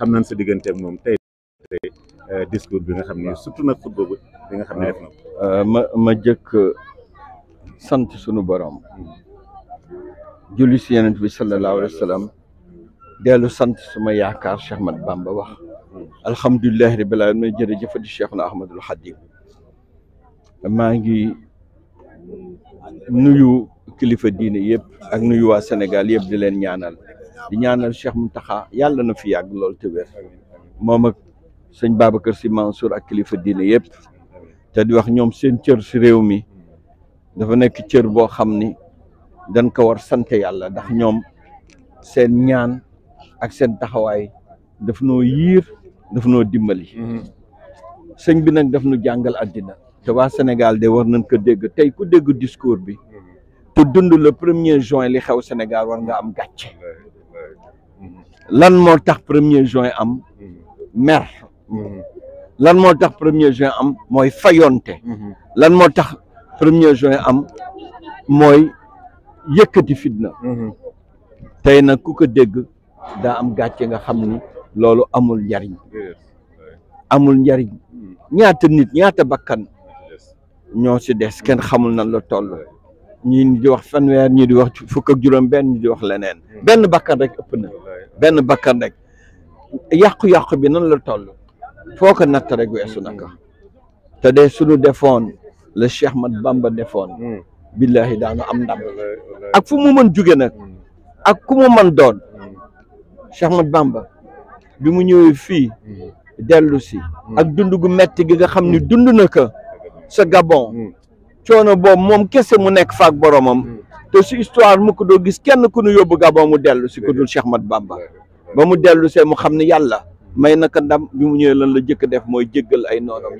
xam nañ sa diggante moom tey euh, bi nga xam ne surtout nag foot boobu bi nga xam ne def na euh, ma ma jëkk sant sunu borom julli si yenent bi sallallahu dellu sant suma yaakaar Cheikh ma Bamba wax alhamdulilahi rabbil alamin jërëjëfati na Ahmadul Xadim maa ngi nuyu kilifa diine yëpp ak nuyu waa senegal yëpp di leen ñaanal di ñaanal Cheikh Mountakha yàlla na fi yàgg loolu te wér moom ak sëñ Babacar Sy Mansour ak kilifa diine yëpp te di wax ñoom seen cër si réew mi dafa nekk cër boo xam ni dañ ko war sant yàlla ndax ñoom seen ñaan ak seen taxawaay daf noo yiir daf noo dimbali mhm. sëñ bi nag daf nu jàngal àddina te waa senegal de war nañ ko dégg tey ku dégg discours bi te dund le premier juin li xew Sénégal war nga am gàcce lan moo tax premier juin am mer lan moo tax premier juin am mooy fayonte lan moo tax premier juin am mooy yëkkati fitna tey nag ku ko dégg daa am gàcce nga xam ni loolu amul njariñ amul njariñ ñaata nit ñaata bakkan ñoo si des kenn xamul na la toll ñii di wax fanweer ñii di wax fukk ak juróom benn ñi wax leneen hmm. benn bakkan rek ëpp benn bakkan rek yàqu-yàqu bi nan la toll foo ko natt rek weesu naka te de suñu defoon le Cheikh Mat Bamba defoon hmm. billahi daanu am ndam ak fu mu mën jóge nag hmm. ak ku mu mën doon Cheikh Mat Bamba bi mu ñëwee fii dellu si ak dund gu metti gi nga xam ni dund na ko sa Gabon coono boobu moom kese mu nekk faak boromam mm. te su histoire mu ko doo gis kenn ku nu yóbbu Gabon mu dellu si ku dul Mat Bamba mm. ba mu dellu see mu xam ne yàlla may naka ndam bi mu ñëwee lan la jëkk def mooy jéggal ay noonam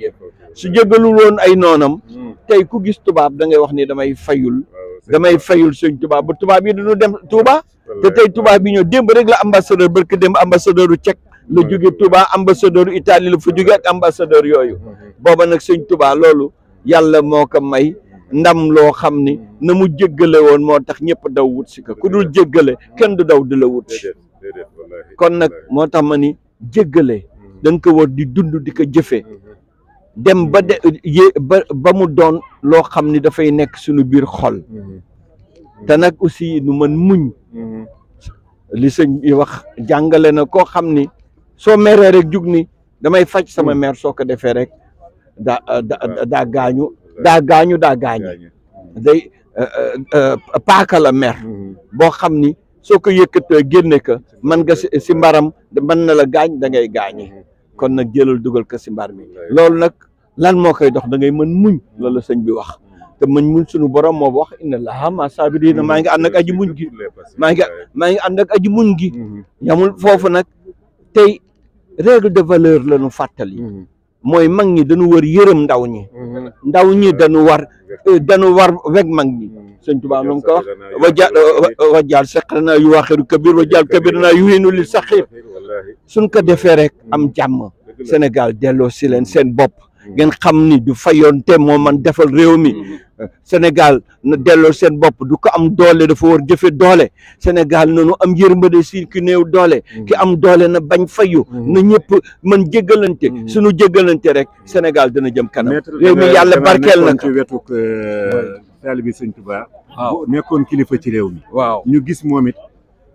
su jéggalul woon ay noonam mm. tey ku gis tubaab da ngay wax ni damay fayul damay fayul sëñ tubaab ba tubaab yi nu dem Touba te tey tubaab yi ñoo démb rek la ambassadeur barke démb ambassadeur u Tchèque la jóge Touba ambassadeur u Italie la fa jóge ak ambassadeur yooyu mm-hmm. booba nag sëñ Touba loolu yàlla moo ko may ndam loo xam ni mm-hmm. na mu jéggale woon moo tax ñëpp daw wut ku dul jéggale kenn du daw di la wut kon nag moo tax ma ni jéggale mm-hmm. dañ ko war di dund di ko jëfe mm-hmm. dem ba de ba mu doon loo xam ni dafay nekk suñu biir xol te nag aussi nu mën muñ li sëñ bi wax jàngale na koo xam ni soo meree rek jug ni damay faj sama mer soo ko defee rek Eh, daa daa gaañu daa gaañu daa day eh, eh, paaka la mer mm-hmm. boo xam ni soo ko yëkkatee génne ko man nga si mbaram man na la gaañ da ngay gaañi mm-hmm. kon nag jëlal dugal ko si mbar mi loolu nag lan moo koy dox da ngay mën muñ mm-hmm. loolu sëñ bi wax te mën muñ suñu borom moo wax inna laha ma sabirina maa ngi ànd ak muñ gi maa ngi maa ngi ànd ak aji muñ gi yamul foofu nag tey règle de valeur la ñu fàttali mooy mag ñi dañu war yërëm ndaw ñi mm-hmm. ndaw ñi mm-hmm. dañu war mm-hmm. dañu war weg mag ñi sëñ Tuubaa lu mu ko wax waja wajaal saqra naa yu waaxiru kabir wajaal kabir naa yu hiinu li saxir suñ ko defee rek am jàmm Sénégal delloo si leen seen bopp Mm-hmm. ngeen xam ni du fayonte moo man defal réew mi mm-hmm. Sénégal na delloo seen bopp du ko am doole dafa war jëfe doole Sénégal nanu am yërmande si ki néew doole mm-hmm. ki am doole na bañ fayu na ñëpp mën jégalante suñu jégalante rek Sénégal dana jëm kanam réew mi euh, yàlla barkeel na ko ci wetu euh, taalibi Sëñ Tuubaa waaw nekkoon kilifa ci réew mi waaw ñu gis moom it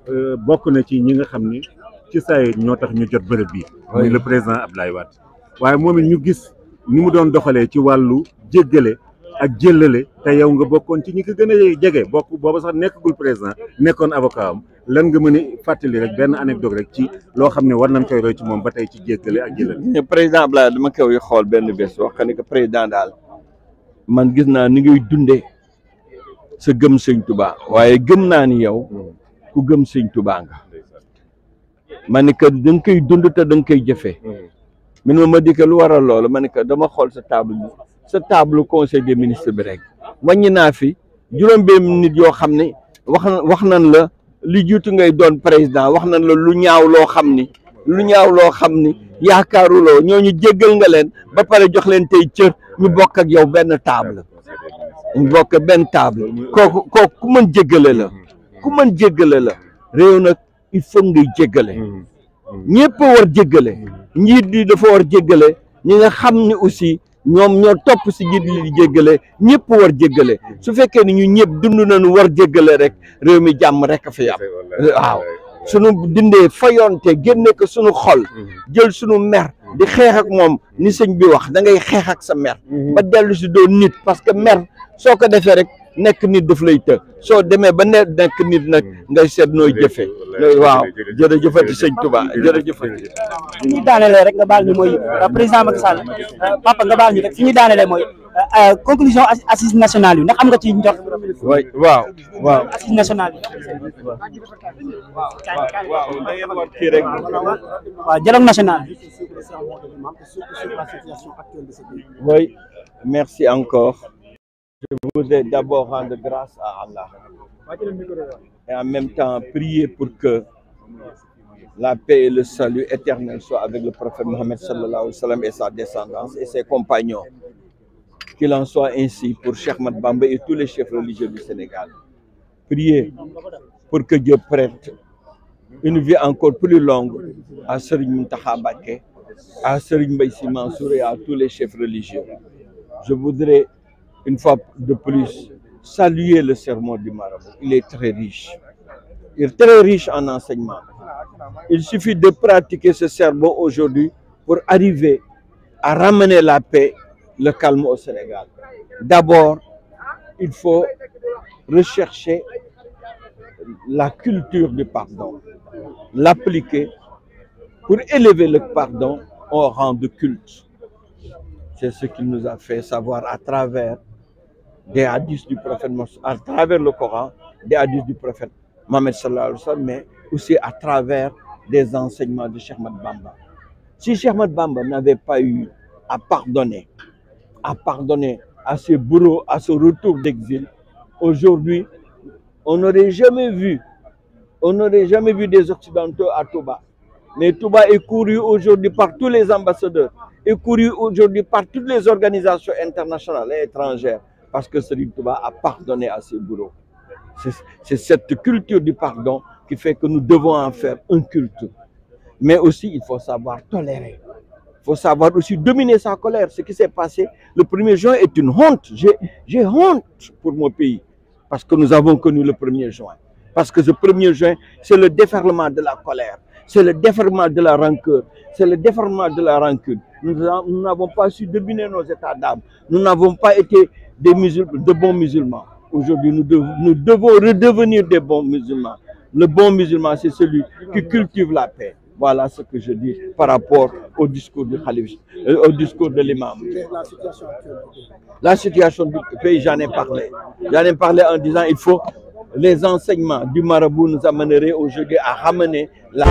euh, bokk na ci ñi nga xam ni ci saa yi ñoo tax ñu jot bërëb bi muy président Abdoulaye Wade waaye moom it ñu gis ni mu doon doxalee ci wàllu jéggale ak jëlale te yow nga bokkoon ci ñu ko gën a jege bokk booba sax nekkagul président nekkoon avocat am lan nga mën fàttali rek benn anecdote rek ci loo xam ne war nañ koy roy ci moom ba tey ci jéggale ak jëllale. président Abdoulaye dama yi xool benn bés wax ni que président daal man gis naa ni ngay dundee sa gëm sëñ tubaa waaye gëm naa ni yow ku gëm sëñ tubaa nga ma ni que da koy dund te da nga koy jëfee. Hmm. min ma ma di lu waral loolu ma ne que dama xool sa table bi sa table conseil des ministres bi rek wàññi naa fi juróom-benn nit yoo xam ne wax wax nan la li juutu ngay doon président wax nan la lu ñaaw loo xam ni lu ñaaw loo xam ni yaakaaruloo ñu jéggal nga leen ba pare jox leen tey cër ñu bokk ak yow benn taable ñu bokk benn table kooku kooku ku mën jéggale la ku man jéggale la réew nag il faut ngay jéggale mm-hmm. mm-hmm. ñëpp war jéggale njiit li dafa war jéggale ñi nga xam ne aussi ñoom ñoo topp si njiit li di jéggale ñëpp war jéggale su fekkee ni ñu ñëpp dund nañu war jéggale rek réew mi jàmm rek a fi am waaw sunu dindee fayonte génne ko sunu xol mhm. jël sunu mer di xeex moom ni sëñ bi wax da ngay xeex ak sa mer mhm. ba dellu si doon nit parce que mer soo ko defee rek nekk nit daf lay të soo demee ba ne nekk nit nag mm. ngay seet nooy jëfe waaw jërëjëfati sëñ Touba jërëjëfati fi ñu daanelee rek nga baal ñu mooy euh, président Macky Sall euh, papa nga baal ñu rek fi ñu daanelee mooy euh, conclusion assise nationale yi ndax am nga ci njort waaw waaw waaw assise nationale yi waaw merci encore Je voudrais d'abord rendre grâce à Allah et en même temps prier pour que la paix et le salut éternel soient avec le prophète Mohammed sallallahu alayhi wa sallam et sa descendance et ses compagnons. Qu'il en soit ainsi pour Cheikh Ahmad Bamba et tous les chefs religieux du Sénégal. Prier pour que Dieu prête une vie encore plus longue à Serigne Mountakha à Serigne Mbaye Sy Mansour et à tous les chefs religieux. Je voudrais une fois de plus saluer le sermon du marabout. Il est très riche. Il est très riche en enseignement. Il suffit de pratiquer ce sermon aujourd'hui pour arriver à ramener la paix, le calme au Sénégal. D'abord, il faut rechercher la culture du pardon, l'appliquer pour élever le pardon au rang de culte. C'est ce qu'il nous a fait savoir à travers des hadiths du prophète à travers le Coran, des hadiths du prophète Mohamed sallallahu alayhi wa sallam, mais aussi à travers des enseignements de Cheikh Bamba. Si Cheikh Bamba n'avait pas eu à pardonner, à pardonner à ses bourreaux, à ce retour d'exil, aujourd'hui, on n'aurait jamais vu, on n'aurait jamais vu des Occidentaux à Touba. Mais Touba est couru aujourd'hui par tous les ambassadeurs, est couru aujourd'hui par toutes les organisations internationales et étrangères. parce que Serigne Touba a pardonné à ses bourreaux. C'est cette culture du pardon qui fait que nous devons en faire un culte. Mais aussi, il faut savoir tolérer. Il faut savoir aussi dominer sa colère. Ce qui s'est passé le 1er juin est une honte. J'ai honte pour mon pays parce que nous avons connu le 1er juin. Parce que ce 1er juin, c'est le déferlement de la colère. c'est le déferlement de la rancœur, c'est le déferlement de la rancune. Nous n'avons pas su dominer nos états d'âme, nous n'avons pas été des musulmans, de bons musulmans. Aujourd'hui, nous, devons, nous devons redevenir des bons musulmans. Le bon musulman, c'est celui qui cultive la paix. Voilà ce que je dis par rapport au discours du Khalif, euh, au discours de l'imam. La situation du pays, j'en ai parlé. J'en ai parlé en disant il faut les enseignements du marabout nous amèneraient aujourd'hui à ramener la...